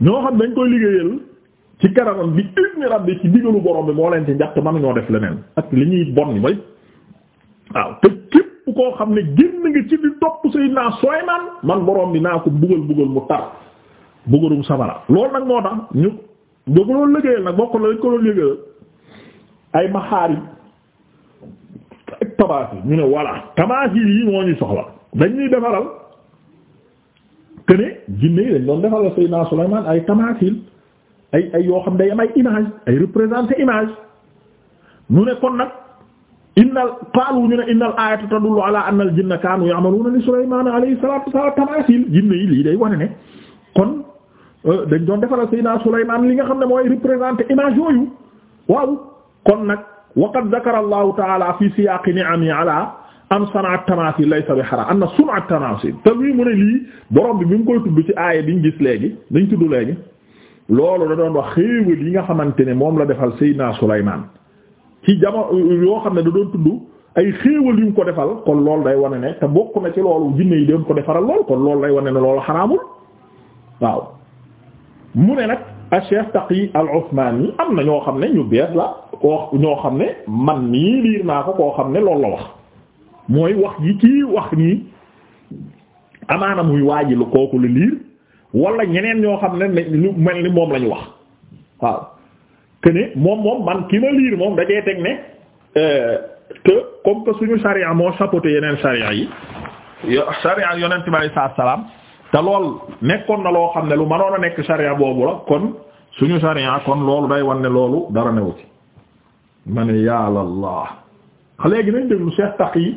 ñoo xam dañ koy liggéeyal ci kararam bi ibni rabbi ci digalu borom bi moo leen ci njàtt man ñoo def leneen ak li ñuy bon ni way waaw te képp koo xam ne génn ngi ci di topp Seydina Sulaymaan man boroom bi naa ko bugal bugal mu tar bugalum sabara lool nag moo tax ñu boo ko loolu liggéeyal nag bokk la ko loolu liggéeyal ay maxaarib ak tabaasi ñu ne voilà tabaasi yi moo ñu soxla dañuy defaral que ne jinne yi dañ doon defal Seydina Sulaymaan ay tamaasil ay ay yoo xam day am ay image ay représenter image mu ne kon nag innal qaalu ñu ne innal ayata tadullu ala anna al jinna kaanu ya'maluna li Sulaymaan alayhi salaatu wa salaam tamaasil jinne yi lii day wane ne kon euh, dañ doon defal Seydina Sulaymaan li nga xam ne mooy représenter image yooyu waaw kon nag waqad zakara Allahu ta'ala fi siyaaqi ni'ami ala am sanaa tamasil laysa bi xaraam am na sunaa tamasil te lii mu ne lii borom bi bi mu koy tudd ci aaya bi ñu gis léegi dañ tudd léegi loolu da doon wax xéewal yi nga xamante ne moom la defal Seydina Sulaymaan ci jamono yoo xam ne da doon tudd ay xéewal yu mu ko defal kon loolu day wane ne te bokk ci loolu jinne yi doon ko defaral lool kon loolu day wane ne loolu xaraamul waaw mu ne nag a Cheikh Taqi al-Usmaani am na ñoo xam ne ñu bees la koo ñoo xam ne man nii liir naa ko koo xam ne loolu la wax mooy wax yi ci wax nii amaana muy waaji lu kooku lu liir wala ñeneen ñoo xam ne lu mel ni moom la ñu wax waaw que moom moom man ki ma liir moom dajee teg ne euh, que comme que suñu sariya moo chapeauté yeneen sariya yi yo sariya yonent bi alayhi salaam te lool nekkoon na loo xam ne lu mënoon a nekk sariya boobu la kon suñu sariya kon loolu day wan ne loolu dara newu ci ma ne yàlla allah léegi nañ déglu Cheikh Taqi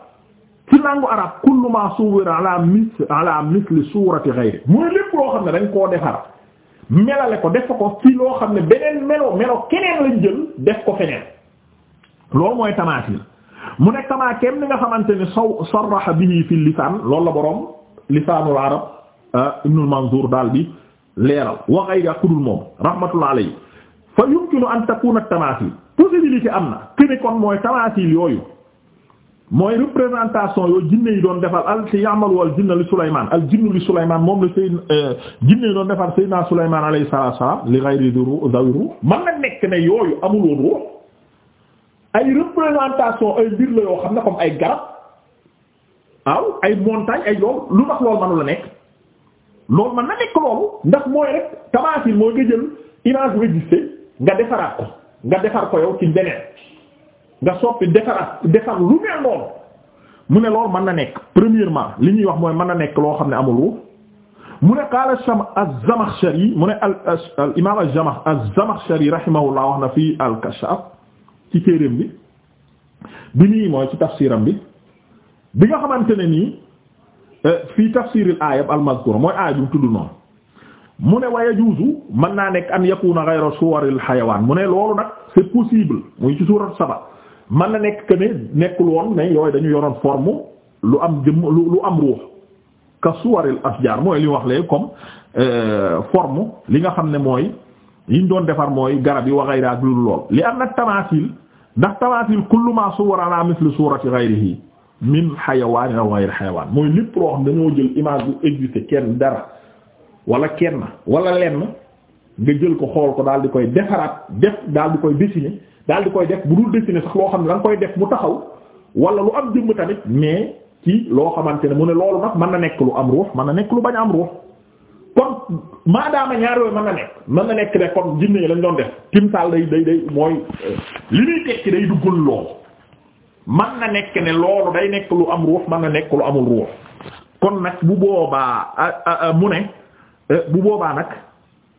ci langue arabe kullu ma suwira ala mis ala misli suurati ghayri mooy lépp loo xam ne dañ koo defar melale ko def ko ci loo xam ne beneen melo melo keneen lañ jël def ko feneen loolu mooy tamaasil mu nekk tamaa kem ni nga xamante ne saw sarraha bihi fi lisaan loolu la boroom lisaanul arab ah, ibnul manzur daal bi leeral wa ghayra kudul moom rahmatullah alayhi fa yumkinu an takuna tamaasil possibilité am na kene kon mooy tamaasil yooyu mooy représentation yooyu jinne yi doon defal al ci ya'malu wal jinna li Souleymane al jinnu li Souleymane moom la sëy euh, jinne yi doon defal Seydina Souleymane alayhi salaatu salaam li ghayri dawi ruux man na nekk ne yooyu amul woon ay représentation ay mbir la yoo xam ne comme ay garab waaw ay montagne ay yoon lu tax loolu manu la nekk loolu ndax mooy rek tamasil mooy nga jël image nga defaraat ko nga defar ko yow ci beneen. nga soppi defaraat defar lu mel noonu mu ne loolu mën na nekk premièrement li ñuy wax mooy mën na nekk loo xam ne amul ruux mu ne qaala az-Zamakhshari mu ne al imaam az-Zamakhshari rahimahullah wax na fii al-Kashaf ci téereem bi bi nii mooy ci tafsiram bi bi nga xamante ne nii euh, fii tafsiril aayab al-mazkura mooy aaya bi tudd noonu mu ne wa yajuuzu mën naa nekk an yakuna ghayra suwaril xayawaan mu ne loolu nag c'est possible muy ci suurat Saba. man na nekk que ne nekkul woon ne yooyu dañu yoroon forme lu am jëmm lu am ruux ka suwaril asjaar mooy li wax lee comme euh, forme li nga xam ne mooy yiñ doon defar mooy garab yi wax ghayra ak lu lool li am nag tamaasil ndax tamaasil kullu ma suwara ala misli surati ghayrihi min xayawaan aw ghayri xayawaan mooy lépp loo xam dañoo jël image bu existé kenn dara wala kenn walla lenn nga jël ko xool ko daal di koy defaraat def daal di koy dessiner daal di koy def bu dul dessiné sax loo xam ne da koy def mu taxaw wala lu am jëmm tamit mais ci loo xamante ne mu ne loolu nag mën na nekk lu am ruux mën na nekk lu bañ am ruux kon maadaama ñaar yooyu mën na nekk nekk ne kon yi lañ doon def timsaal day day day mooy euh, li ñuy tekki day nekk ne loolu day am ruux mën na nekk lu amul ruux kon nag bu boobaa mu ne euh, bu boobaa nag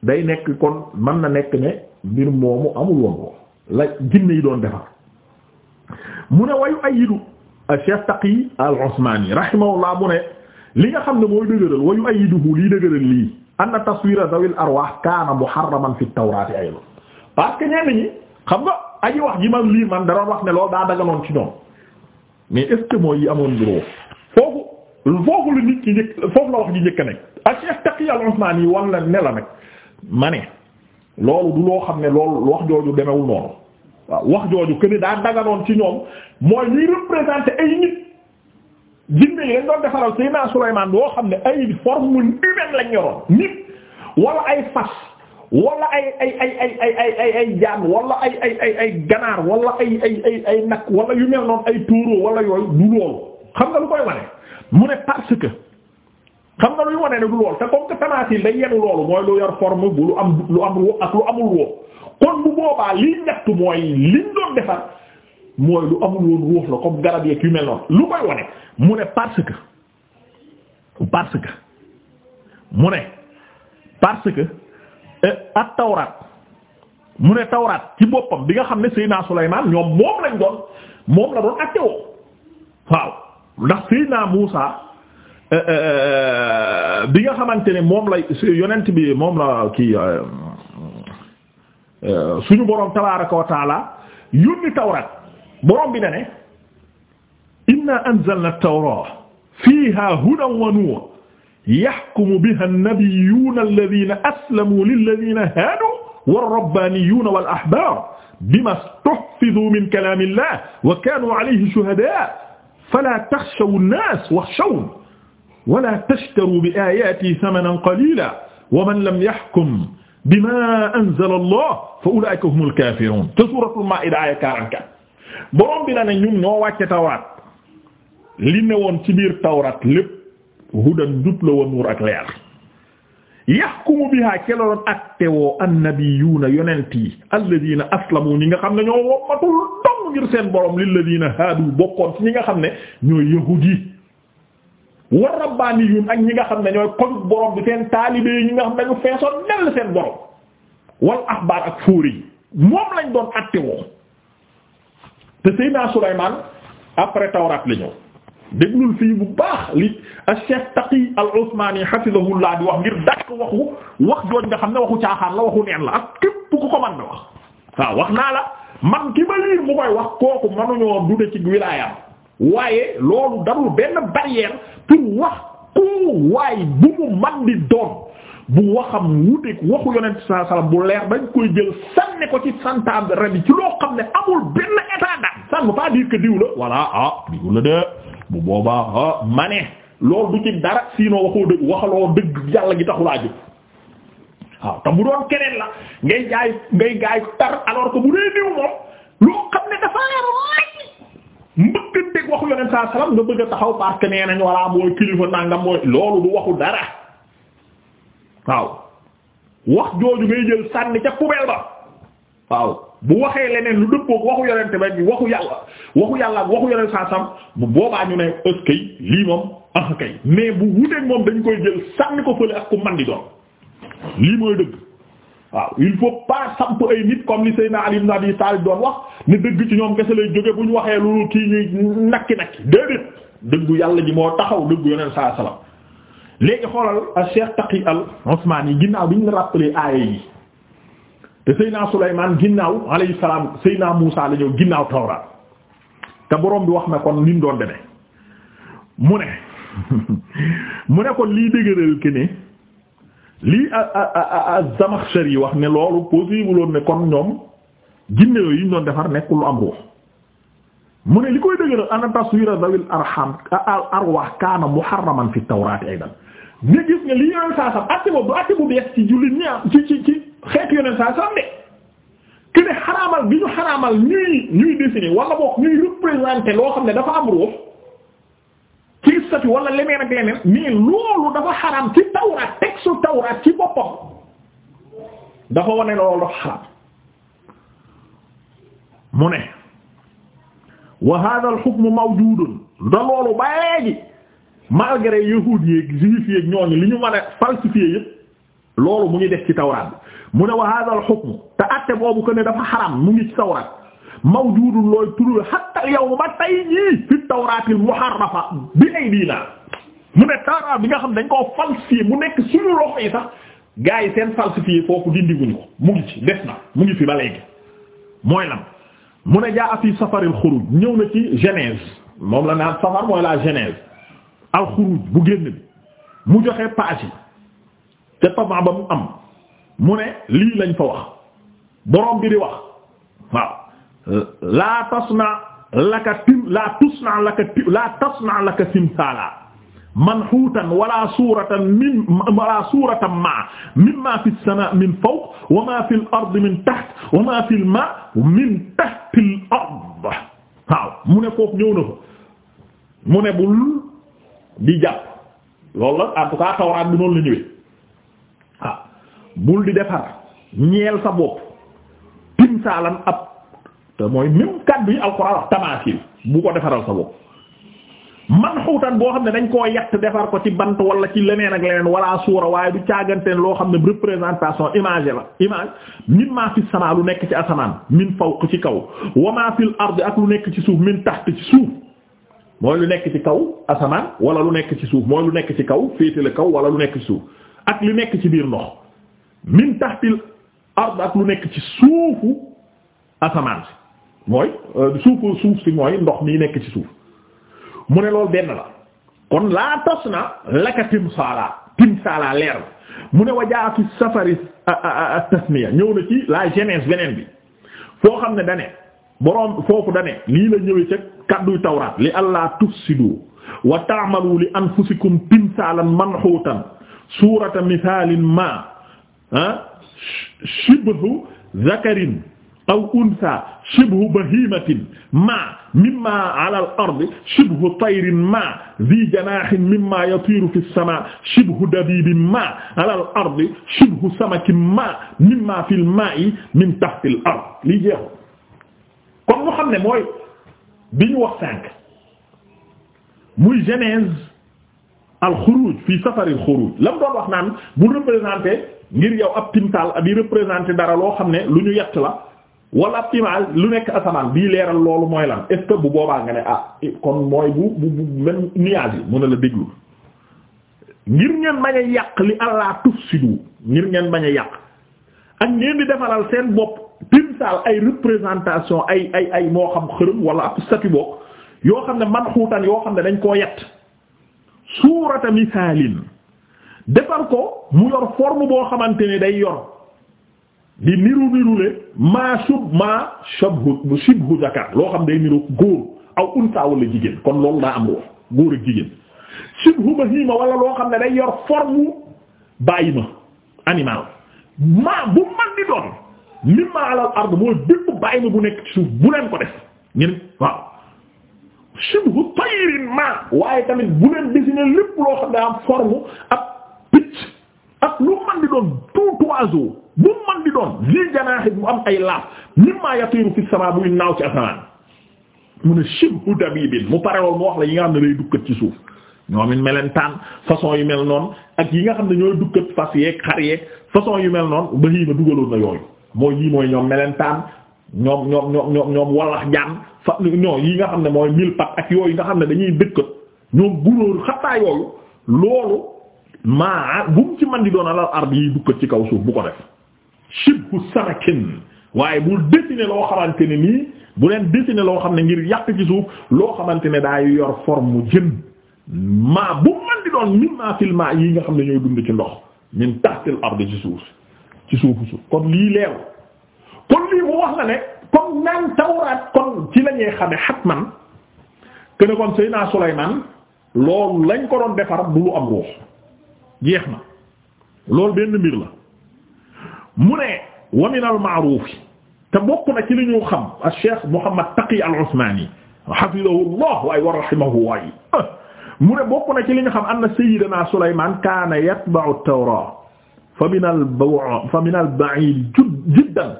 day nekk kon man na nekk ne mbir moomu amul woon ruux la jinne yi doon defar mu ne wayu ayidu Cheikh Taqi al-Usmani rahimahullah mu ne li nga xam ne mooy dëgëral wayu ayiduhu lii dëgëral lii anna taswira zawil arwah kaana muharraman fi tawraati aydan parce que ñenn ñi xam nga aji wax ji man lii man da wax ne loolu daa daganoon ci ñoom mais est-ce que mooy yi amoon juróom foofu foofu la njëkk foofu la wax ji njëkk nekk ak Cheikh al-Usmani wan la ne la ma ne loolu du loo xam ne loolu wax jooju demewul waaw wax jooju que ni daa daganoon ci ñoom mooy lii représenter ay nit jinne yi lañ doon defaral Seydina Souleymane boo xam ne ay forme humaine lañ yoroon nit wala ay fas wala ay ay ay ay ay ay wala ay ay ay ay ganaar walla ay ay ay ay nag wala yu mel noonu ay tuuro wala yooyu du loolu xam nga lu koy wane mu ne parce que xam nga luy wane ne du loolu te comme que tamasil day yenu loolu mooy lu yor forme bu lu am lu am ak lu amul woo kon bu boobaa liy ñaxtu mooy liñ doon defar mooy lu amul woon ruux la comme garab yeeg ki mel noonu lu koy wane mu ne parce que parce que mu ne parce que eh, ak tawraat mu ne tawraat ci boppam bi nga xam ne Seydina Sulaymaan ñoom moom lañ doon moom la doon ak tewoo waaw ndax Seydina musa eh, eh, bi nga xamante ne moom la yonent bi moom la kii Euh, suñu boroom tabaaraka wa taala yónni tawraat boroom bi na ne inna anzalna at-tawrata fiha hudan wa nuur yahkumu biha an-nabiyyuna alladhina aslamu lilladhina hadu war-rabbaniyuna wal-ahbar bima istuhfizu min kalamillah wa kanu alayhi shuhada fala takhshaw an-nas wakhshawni wala tashtaru bi ayati thamanan qalila wa man lam yahkum bima anzala allah fa ulaika humul kafirun te suratul maida aya 44 borom bi na ne ñun ñoo wàcce tawraat li ne woon ci biir tawraat lépp hudan njub la woon nuur ak leer yahkumu biha keloloon atte woo annabiyuuna yonent yi alladina aslamu ñi nga xam ne ñoo wommatul dong ngir seen borom lilladina haadu bokkoon ci ñi nga xam ne ñooy yahudi war rabbaaniyuun ak ñi nga xam ne ñooy kojug borom bi seen taalibe ñi nga xam ne dañu feesoon nell seen borom wal axbaar ak fóori yi moom lañ doon atte woo te Seydina Sulaymaan après Tawraat la ñëw déglul fii bu baax li Cheikh Taqi al-Usmani hafizahullah di wax ngir dakk waxu wax jooñ nga xam ne waxu caaxaan la waxu neen la ak képp ku ko mën na wax waaw wax naa la man ki ma liir mu koy wax kooku mënuñoo dude ci wilaayam waaye loolu darul benn barrière pour wax ku waay bu mu man di doon bu waxam wuteeg waxu yonent saa bu leer dañ koy jël sànni ko ci santa rabi ci loo xam ne amul benn état d'âme ça ne veut ah, de bu boobaa ah ma du ci dara sinon waxoo dëgg waxaloo dëgg yàlla gi taxul a jóg waaw te bu doon keneen la ngay jaay ngay gaay tar alors que bu dee diw moom loo xam ne dafa leer mbëkk yonent saa salaam nga bëgg a taxaw parce que nee nañ walla mooy kilifa nangam mooy loolu du waxu dara waaw wax jooju ngay jël sànni ca poubelle ba waaw bu waxee leneen lu dëppook waxu yonent ba waxu yàlla waxu yàlla ak waxu yonent saa salaam bu boobaa ñu ne ës kay lii moom ah kay bu wuteek moom dañ koy jël sànni ko fële ak ku man di doon lii mooy dëgg waaw il faut pas samp ay nit comme li Seydina Ali ibn Abi Talib doon wax ne dëgg ci ñoom kese lay jóge bu ñu waxee loolu kii ñuy nakki nakki déedéet dëggu yàlla ji moo taxaw dëggu yoneen saa salaam léegi xoolal a Cheikh Taqi al Usmani ginnaaw bi ñu la rappelé aaya yi te Seydina Souleymane ginnaaw alayhi salaam Seydina Moussa la ñëw ginnaaw Tawraat te borom bi wax na kon li doon demee mu ne mu ne kon liy dëgëral ke ne. lii az-Zamakhshari wax ne loolu possible woon ne kon ñoom jinne yooyu ñu doon defar nekkul lu am ruux mu ne li koy dëgëral ana taswira zawil arham al arwah kaana muharraman fi tawraati aydan nga gis ne li yoneen saa sam boobu du bu bees ci jullit ñaa ci ci ci xeetu yoneen saa de que ne xaraamal ñu xaraamal ñuy ñuy dessiner wala boog ñuy représenter loo xam ne dafa am ruux ci statut wala leneen ak leneen mais loolu dafa xaraam ci tawraat tawraat ci boppam dafa wane loolu xaram mu ne wa hadha al hukm mawjudun da loolu ba léegi malgré yahuud yeek juif yeek ñooñu li ñu mën a falsifier yépp loolu mu ngi def ci tawraat bi mu ne wa hadha al hukm atte boobu ko ne dafa xaram mu ngi ci tawraat mawjudun looy turu hatta al yawm ba tey jii fi tawraatil muharrafa bi aydina mu ne taaraa bi nga xam dañ koo falsifié mu nekk suñu loxo yi sax gars yi seen falsifié foofu dindiguñ ko mu ngi ci des na mu ngi fi ba léegi mooy lan mu ne jaa fi safaril xuruj ñëw na ci genèse moom la naan safar mooy la genèse al xuruj bu génn bi mu joxe page te taban ba mu am mu ne lii lañ fa wax borom bi di wax waaw laa tas la laka tim laa tus naa laka ti laa tas naa laka simsaala manhuutan wala suuratan min wala suuratan ma mimma fi samaa min fawq wa fi al min taht wa fi al waaw mu ne foofu ñëw na fa mu ne bul di jàpp loolu la en tout cas tawraat la ñëwee bul di defar ñeel sa bopp timsaalan ab te mooy même kàddu yi alxuraan wax tamaasil bu ko defaral sa bopp. man xuutan boo xam ne dañ koo yett defar ko ci bant wala ci leneen ak leneen wala suura waaye du caaganteen loo xam ne représentation image la image mimma fi sama lu nekk ci asamaan min fawq ci kaw wa ma fil ard ak lu nekk ci suuf min taxt ci suuf lu nekk ci kaw asamaan wala lu nekk ci suuf mooy lu nekk ci kaw féetale kaw wala lu nekk ci suuf ak lu nekk ci biir ndox min taxtil ard ak lu nekk ci suufu asamaan si mooy euh, suufu suuf si mooy ndox mii nekk ci suuf mu ne lool benn la kon laa tos na laka timsaala timsaala leer mu ne wajaa fi safari tasmiya ñëw na ci la jeunesse beneen bi foo xam ne dane boroom foofu dane lii la ñëwee ca kadduy tawraat li allah tufsidu wa ta'malu li anfusikum timsaalan manhuutan suurata misaalin ma ah shibhu aw unsa shibhu bahimatin ma mimma ala al ard shibhu tayrin ma zi janahin mimma yatiru fi sama shibhu dabibin ma ala al ard shibhu samakin ma mimma fi al ma'i min tahti al ard lii jeexu kon ñu xam ne mooy bi ñu wax sànq muy genèse al xuruj fi safar al xuruj lam doon wax naan bu représenté ngir yow ab timtal di représenté dara loo xam ne lu ñu yett la wala ab lu nekk asamaan bii leeral loolu mooy lan est bu boobaa nga ne ah kon mooy bu bu bu même nuage yi mën a la déglu ngir ngeen bañ yàq li Allah tufsidu ngir ngeen bañ a yàq ak ngeen di defaral seen bopp timsal ay représentation ay ay ay moo xam xërëm wala ab statue yoo xam ne man xuutan yoo xam ne dañ koo yett suurata misaalin defar ko mu yor forme boo xamante ni day yor. li niru nirule maa sub maa shabhu shibhu zakar loo xam day niru góor aw unsa wala jigéen kon loolu daa am roof góor ak jigéen shibhu bahima wala loo xam ne day yor forme bàyyi ma animal maa bu man di doon mimma alal ard mooy bépp bàyyi ma bu nekk suuf bu ko def ngeen waaw shibhu tayrin ma waaye tamit bu leen dessiner lépp loo xam ne am forme ak ak lu man di doon tout oiseau bu man di doon lii janaaxi bu am ay laaf mimma yatiru fi sama buy naaw ci asamaan mu ne shibhu dabibin mu parewool mu wax la yi nga xam ne lay dukkat ci suuf ñoom it melentaan façon yu mel noonu ak yi nga xam ne ñooy dukkat fas yeeg xar yeeg façon yu mel noon ba hii ma dugaloon na yooyu mooy yii mooy ñoom melentaan ñoom ñoom ñoom ñoom ñoom wallax jaan yi nga xam ne mooy mille pat ak yooyu nga xam ne dañuy dëkkat ñoom gunóor xattaa loolu maa bu mu ci man di doon alal ard yi dukkat ci kaw suuf bu ko def shibhu samakin waaye bul dessiner loo xamante ne nii bu leen dessiner loo xam ne ngir yàq ci suuf loo xamante ne daay yor forme mu jën maa bu mu man di doon mimma fil maa yi nga xam ne ñooy dund ci ndox min tahtil ard ci suuf ci suufu suuf kon lii leew kon lii mu wax la ne kon naan tawraat kon ci la ñuy xame xatman kene kon Seydina Sulaymaan loolu lañ ko doon defar du lu am ruux jeex na loolu benn mbir la mu ne wa min al ma'ruf te bokk na ci li ñu xam al cheikh Muhammad Taqi al Usmani hafidahu llah waay wa rahimahu waay mu ne bokk na ci li ñu xam anna sayyidina Sulayman kaana yatba'u at-Tawrat fa min al fa min al ba'id jiddan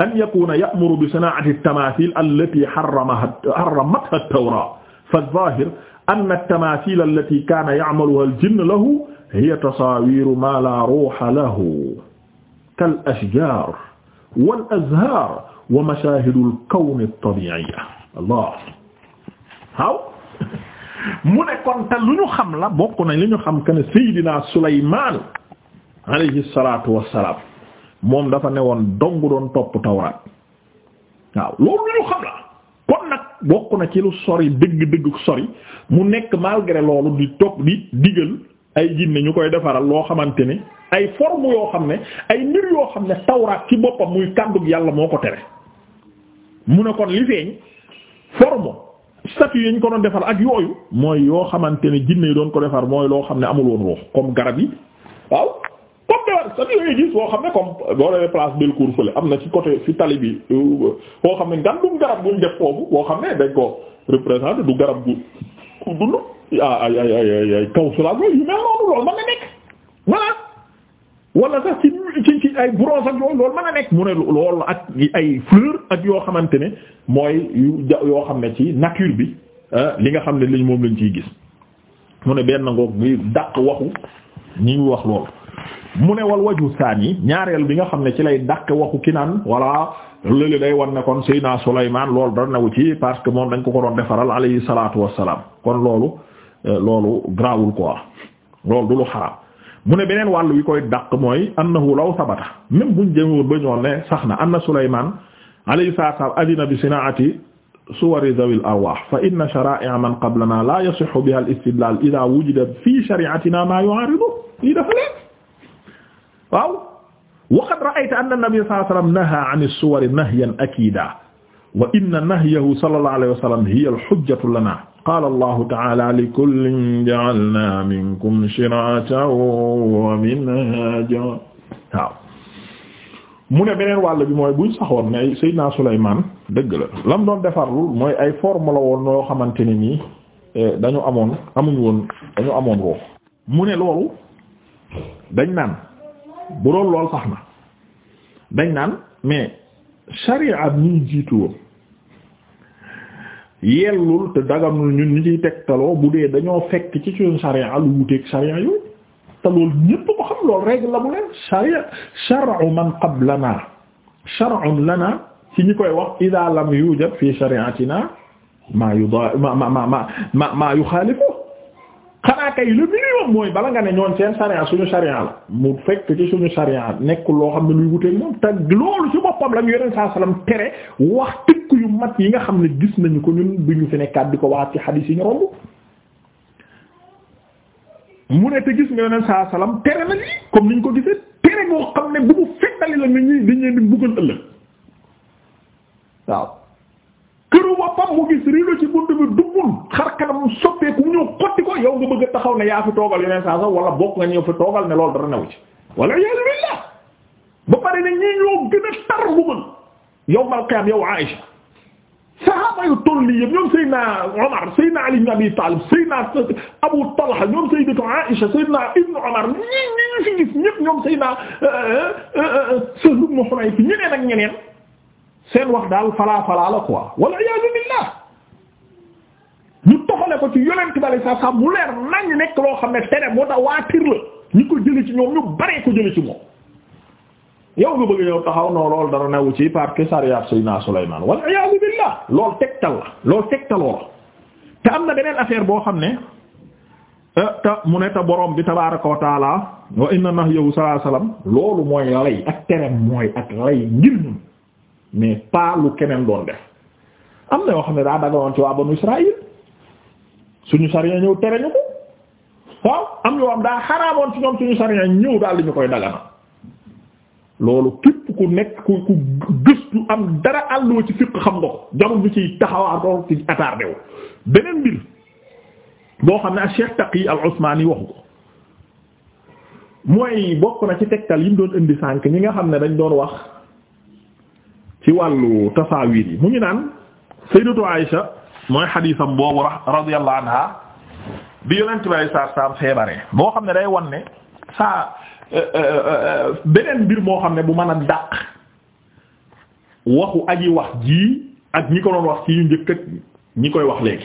an yakuna ya'muru bi sana'ati at-tamathil allati harramaha harramatha at-Tawrat fa adh-dhahir anna at-tamathil allati kana ya'maluha al-jinn lahu hiya tasaawiru maa laa ruuha lahu kal ashjaar wal azhaar wa mashaahidul kawni at-tabi'iyya allah waaw mu ne kon te lu ñu xam la bokk nañ li ñu xam que ne Seydina Souleymane alayhi salaatu wa salaam moom dafa newoon dong doon topp tawraat waaw loolu lu ñu xam la kon nag bokk na ci lu sori dëgg-dëgg sori mu nekk malgré loolu di topp di digal. ay jinne ñu koy defaral loo xamante ni ay forme yoo xam ne ay nit yoo xam ne tawraat ki boppam muy kàddug yàlla moo ko tere mu ne kon li feeñ forme statue yi ñu ko doon defar ak yooyu mooy yoo xamante ne jinne yi doon ko defar mooy loo xam ne amul woon ruux comme garab yi waaw comme defar statue yooyu gis boo xam ne comme boo demee place Bellecour fële am na ci côté fi tali bi boo xam ne ngandum garab buñ def foofu boo xam ne dañ ko représenté du garab gu Ah, ay ay ay ay kaw sulaag yooyu mel noonu loolu mën na nekk voilà wala sax ci ci ci ay bronze ak yooyu loolu mën na nekk mu ne loolu ak ay fleur ak yoo xamante ne mooy yu yoo xam ne ci nature bi ah, li nga xam ne liñ moom lañ ciy gis mu ne benn ngoog muy dàq waxu ñi ngi wax loolu mu ne wal waju saan yi ñaareel bi nga xam ne ci lay dàq waxu ki naan voilà léeg day wan ne kon Seydina Sulaymaan loolu dara newu ci parce que moom dañ ko ko doon defaral alayhi salaatu salaam kon loolu Euh, loolu grawul quoi loolu du lu xaraam mu ne beneen wàll wi koy dàq mooy annahu law sabata même buñ jëmoon ba ñoon ne sax na anna Sulaymaan alayhi salaam adina bi sinaati suwari dhawil arwah fa inna shara'i'a man qablana la yasihhu biha al-istidlal idha wujida fi shari'atina ma yu'aridu lii dafa leen waaw wa qad ra'ayta anna an-nabiy sallallahu alayhi wasallam naha 'an as-suwari nahyan akida wa inna nahyahu sallallahu alayhi wa sallam hiya al-hujjatu lana qaala allahu ta'ala li kullin ja'alna minkum shir'atan wa minhajan waaw mu ne beneen wàll bi mooy buñ saxoon ne Seydina Sulaymaan dëgg la lam doon defarlu mooy ay forme la woon noo xamante ne nii eh, dañu amoon amuñ woon dañu amoon roof mu ne loolu dañ naan bu lool sax dañ naan mais sharia bi ñuy yellul te dagamul ñun ñu ciy tegtaloo bu dee dañoo fekk ci suñu sariya lu wuteeg sariya yooyu te loolu ñépp ko xam loolu règle la bu leen sariya shar'u man qablana shar'un lana ci ñi koy wax idha lam yujad fi shari'atina maa yu da ma ma ma ma yu xaalifu xanaa kay lu bi ñuy wax mooy bala nga ne ñoon seen sariya suñu sariya la mu fekk ci suñu sariya nekkul loo xam ne luy wuteeg moom te loolu ci boppam la mu yeneen saa salaam tere wax mat yi nga xam ne gis nañu ko ñun duñu fi nekkaat di ko waxaat ci xadiis yi ñu romb mu ne te gis nga yoneen saa salaam tere na lii comme niñ ko gisee tere boo xam ne bu mu la nit ñi dañ leen di buggal ëllëg waaw këru boppam yow nga bëgg taxaw ne yaa fi toogal yoneen wala bokk nga toogal ne loolu dara newu ci wala iyaazu billaah ba pare ne ñii ñoo gën a tar bu yow mal qiyaam yow Aïcha saxaaba yu toll nii yëpp ñoom Seydina Omar Seydina Ali ibn Abi Talib Seydina Abu Talha ñoom Sayyidatu Aisha Seydina Ibn Omar ñi ñi ñu fi gis ñëpp ñoom Seydina euh, euh, euh, Sahl ibn Hunayf ñeneen ak ñeneen seen wax daal falaa falaa la quoi wal iyaadu billah ñu toxale ko ci yonent bale sa sa mu leer nañ nekk loo xam ne tere moo tax waatir la ñu ko jëlee ci ñoom ñu baree ko jëlee ci moom. yow nga bëgg ñëw taxaw noo loolu dara newu ci parce que sariyaat Seydina Sulaymaan wal iyaazu billaah loolu tegtal la loolu tegtaloo la te am na beneen affaire boo xam ne eh, te mu ne boroom bi tabaaraka wa taala wa inna nahyahu sallallahu alayhi loolu mooy lay ak tereem mooy ak lay ngir ñun mais pas lu keneen doon def am na yoo xam ne daa dagaloon ci waa banu Israël suñu sariya ñëw tere ñu ko waaw am yoo am daa xaraamoon ci ñoom suñu sariya ñëw daal li koy loolu képp ku nekk ku ku gëstu am dara àlloo ci fiq xam nga ko jarul bi ci taxawaa dool ci attardé wu beneen mbir boo xam ne ak Cheikh Taqi al Usmani waxu ko mooy bokk na ci tegtal yi mu doon indi sànk ñi nga xam ne dañ doon wax ci wàllu tasaawiir yi mu ngi naan sayyidatu Aisha mooy xadiisam boobu radiyallahu anha bi yonent bi sallallahu alayhi wasallam boo xam ne day won ne saa Euh, euh, euh, beneen mbir moo xam ne bu mën a dàq waxu aji wax jii ak ñi ko doon wax ci yu njëkk ak ñi koy wax léegi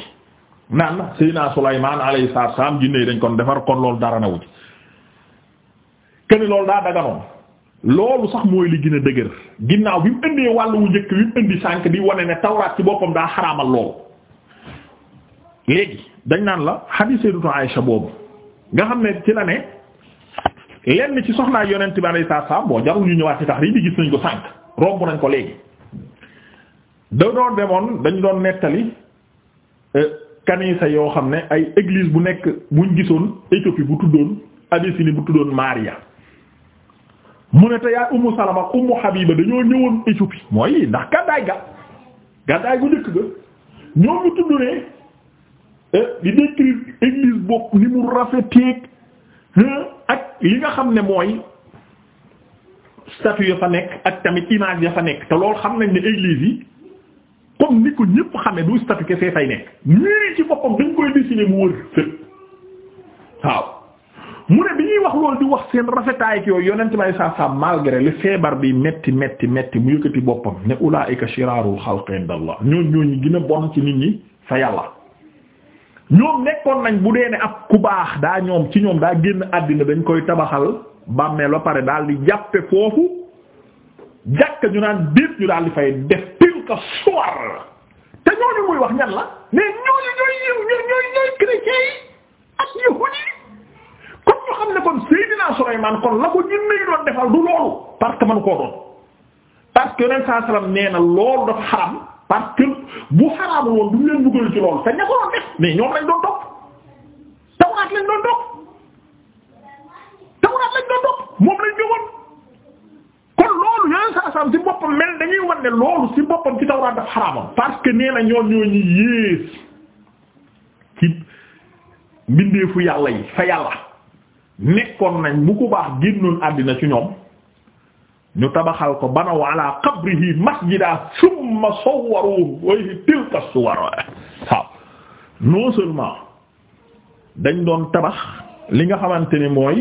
naan Seydina Sulaymaan alayhi salaam jinne yi dañ kon defar kon loolu dara nawu ci këni loolu daa daganoon loolu sax mooy li gën a dëgër ginnaaw bi mu indee wàll wu njëkk bi mu indi sànk di wane ne tawraat ci boppam daa xaraamal loolu léegi dañ naan la xadiis Sayyidatu Aysa boobu nga xam ne ci la ne lenn ci soxnaa yonent bi alayhi salaam boo jarul ñu ñëwaat ci tax rii bi gis nañ ko sànq romb nañ ko léegi da doon demoon dañu doon nettali euh, kanisa yoo xam ne ay église bu nekk buñ gisoon Éthiopie bu tuddoon Abyssinie bu tuddoon Maria mu ne te yaay Ummu Salama ak Ummu dañoo ñëwoon Éthiopie mooy ndax gàddaay ga gàddaay gu njëkk ga ñoom ñu tudd ne euh, di décrire bopp ni mu rafeteek Hmm? ak li nga xam ne mooy statue ya fa nekk ak tamit image ya fa nekk te lool xam nañ ni église yi comme ni ko ñëpp xamee du statue kese fay nekk ñii ci boppam dañ koy dessiner mu wër fépp waaw mu ne bi ñuy wax loolu di wax seen rafetaay ak yooyu yonent may saa saa malgré le feebar bi metti metti metti mu yëkkati boppam ne ulaa'ika shiraarul xalqi indallah ñooñ ñooñu gën a bon ci nit ñi fa yàlla ñoom nekkoon nañ bu dee ne ab ku baax daa ñoom ci ñoom daa génn àddina dañ koy tabaxal bàmmeel ba pare daal di jàppe foofu jàkk ñu naan déet ñu daal di fay def tilka suwar te ñooñu muy wax ñan la mais ñooñu ñooy yëw ñooy ñooy ñooy ak yahuud yi kon ñu xam ne kon Seydina Sulaymaan kon la ko jinne yi doon defal du loolu parce que man koo doon parce que yoneen saa salaam nee na loolu dafa xaram parce que bu xaraamul woon duñ leen dugal ci loolu te ña ko doon def mais ñoom lañ doon topp tawraat lañ doon topp tawraat lañ doon topp moom lañ ñëwoon kon loolu yeneen saa saam ci boppam mel dañuy wan ne loolu ci boppam ci tawraat daf xaraamoon parce que nee na ñoo ñoo ñu yées ci mbindeefu yàlla yi fa yàlla nekkoon nañ bu ko baax génnoon àddina ci ñoom ñu tabaxal ko banaw ala qabrihi masjida summa sawwaru wayhi tilka suwar waaw non seulement dañ doon tabax li nga xamante ni mooy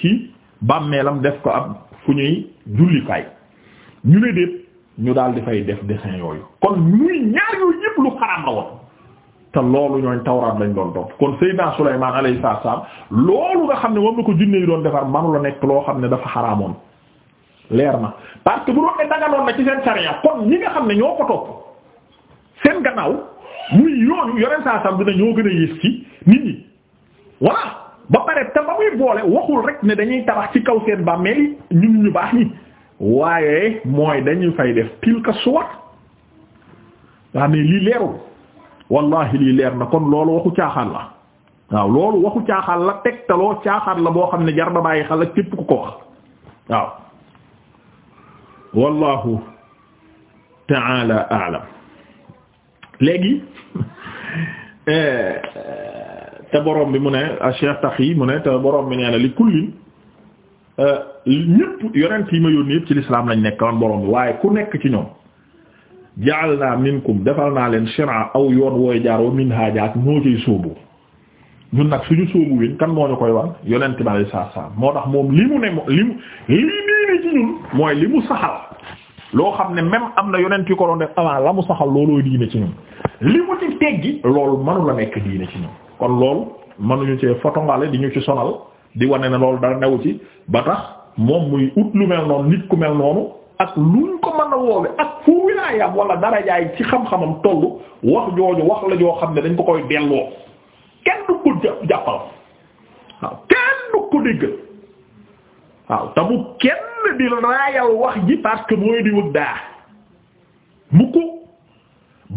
ci bàmmeelam def ko ab fu ñuy jullikaay ñu ne déet ñu daal di fay def dessin yooyu kon muy ñaar yooyu yëpp lu xaraam la woon te loolu ñooñ tawraat lañ doon topp kon Seydina Sulaymaan alayhi salaam loolu nga xam ne moom la ko jinne yi doon defar manu la nekk loo xam ne dafa xaraamoon leer na parce que bu doon ne daganoon na ci seen sariya kon ñi nga xam ne ñoo ko topp seen gannaaw muy yooyu yoreen saa sam dina ñoo gën a yées ci nit ñi voilà ba pare te ba muy boole waxul rek ne dañuy tabax ci kaw seen bàmmeel ñun ñu baax ñi waaye mooy dañu fay def tilka suwar waa mais lii leerul wallahi lii leer na kon loolu waxu caaxaan la waaw loolu waxu caaxaan la tegtaloo caaxaan la boo xam ne jar ba bàyyi xel ak képp ku ko wax wallahu taala alam léegi eh, te borom bi mu ne ah, Cheikh Tahi mu ne te borom bi nee na li kullin eh, ñëpp yonent yi ma yónni yëpp ci lislaam lañ nekk woon borom bi waaye ku nekk ci ñoom ja'alna minkum defal naa leen shir'a aw yoon wooy jaar wa nag suñu sóobu win kan moo tax moom li mu ne li mu li mu saxal loo xam ne même am na yonent yu ko doon def avant la mu saxal looloo diine ci ñun li mu ci teggi loolu mënu la nekk diine ci ñun kon loolu mënuñu ci fotongale di ñu ci sonal di wane na loolu dara newu ci ba tax moom muy ut lu mel noonu nit ku mel noonu ak luñ ko mën a woowe ak fu wilaayam wala darajaay ci xam-xamam tollu wax jooju wax la xam ne dañ ko koy delloo kenn du jàppal waaw kenn du déggal waaw tamu bu kenn di raayal wax ji parce que mooy di wëg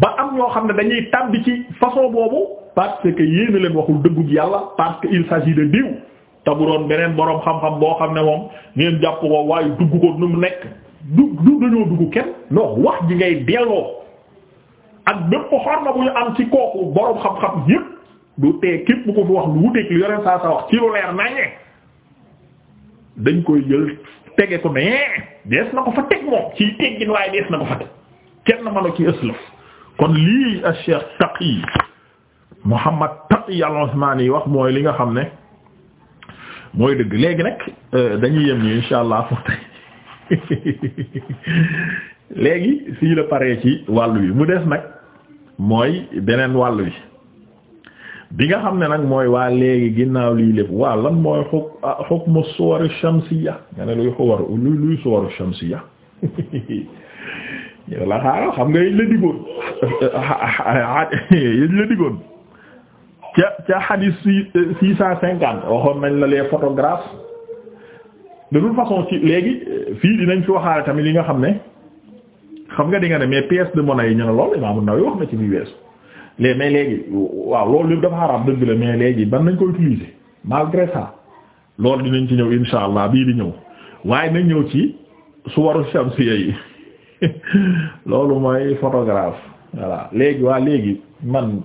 ba am ñoo xam ne dañuy tàbbi ci façon boobu parce que yéen leen waxul dëggug yàlla parce que il s'agit de diw te bu doon beneen boroom xam-xam boo xam ne moom ngeen jàpp ko waaye dugg ko nu mu nekk du du dañoo dugg kenn non wax ji ngay delloo ak bépp xorma bu ñu am ci kooku boroom xam-xam yépp du tee képp bu ko fi wax lu wuteeg li yoreen saa sa wax ci lu leer naññee. dañ koy jël tege ko mais dees na ko fa teg moom ci teggin waaye dees na ko fa teg kenn manu ci ëslëf kon lii a Cheikh Taqi Muhammad Taqi al-Usmani yi wax mooy li nga xam ne mooy dëgg léegi nag euh, dañuy yem ni insha allah foofu tey léegi fii la paree ci wàll wi mu des nag mooy beneen wàll wi bi nga xam ne nag mooy waa léegi ginnaaw lii lépp waa lan mooy xuk ah, xukmu suwaru shamsiya nga ne luy xuwaru luy luy suwaru shamsiya la xaaral xam nga yëj la diggoon yëj la diggoon ca ca xadiis six cent cinquante waxoon nañ la les photographes de toute façon ci léegi fii dinañ fi waxaale tamit li nga xam ne xam nga di nga ne mais pièces de monnaie yi ñu ne lool Imam an wax na ci bi weesu léeg mais léegi waaw loolu lépp dafa xaraam dëgg la mais léegi ban nañ ko utiliser malgré ça loolu dinañ ci ñëw insha allah bii di ñëw waaye nañ ñëw ci suwaru shamsiya yi loolu mooy photographe voilà léegi waa léegi man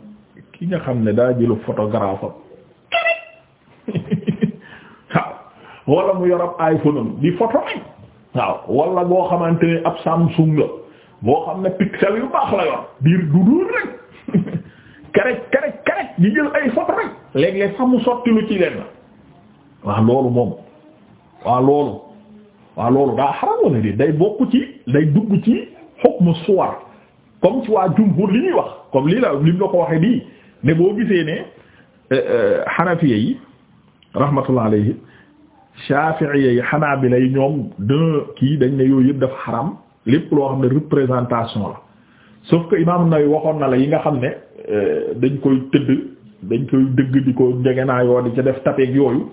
ki nga xam ne daa jëlu photographe waaw mu yor ab iPhone am photo ay waaw wala boo xamante ne ab Samsung la boo xam ne pixel yu baax la yor biir du duur rek karaj karaj karaj di jël ay fot rek léeg-léeg ci leen waa loolu moom waa loolu waa loolu daa xaram wala de day bokku ci day dugg ci hukmu suwar comme ci waa jumhur li ñuy wax comme lii la lim la ko waxee nii ne boo gisee ne xanafiya euh, euh, yi rahmatullah alayhi shafi'iyya yi xanaabila yi ñoom de kii dañ ne yooyu yëpp dafa xaram lépp loo xam ne représentation la sauf que imam waxoon na la yi nga xam ne Euh, dañ koy tëdd dañ koy dëgg di ko naa njegenaayoo di ca def tapeeg yooyu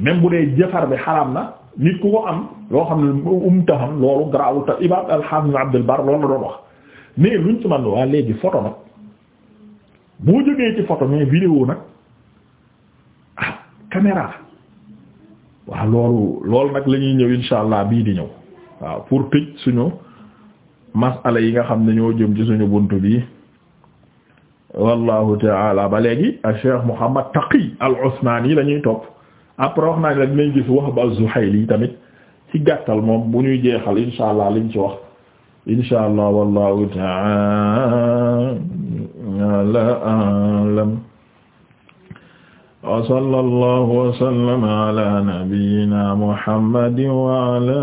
même bu dee jëfar bi xaraam na nit ku ko am loo xam ne um taxam loolu garaawu ta imaam al Abdul Barr loolu doon wax mais léegi photo nag boo jógee ci photo mais vidéo nag ah, loolu nag la ñuy ñëw insha allah bii di ñëw waaw pour tëj suñu masala yi nga xam ne ñoo jëm ci suñu bunt bi wallahu taala ba léegi a Cheikh Muhammad Taqi al-Usmani la ñuy topp après wax naa ne dinañ gis Wahb az-Zuhayli tamit ci gàttal moom bu ñuy jeexal insha allah liñ ci wax insha allah wallahu taala a'lam wa sallallahu wa sallama ala nabiyyina Muhammadin wa ala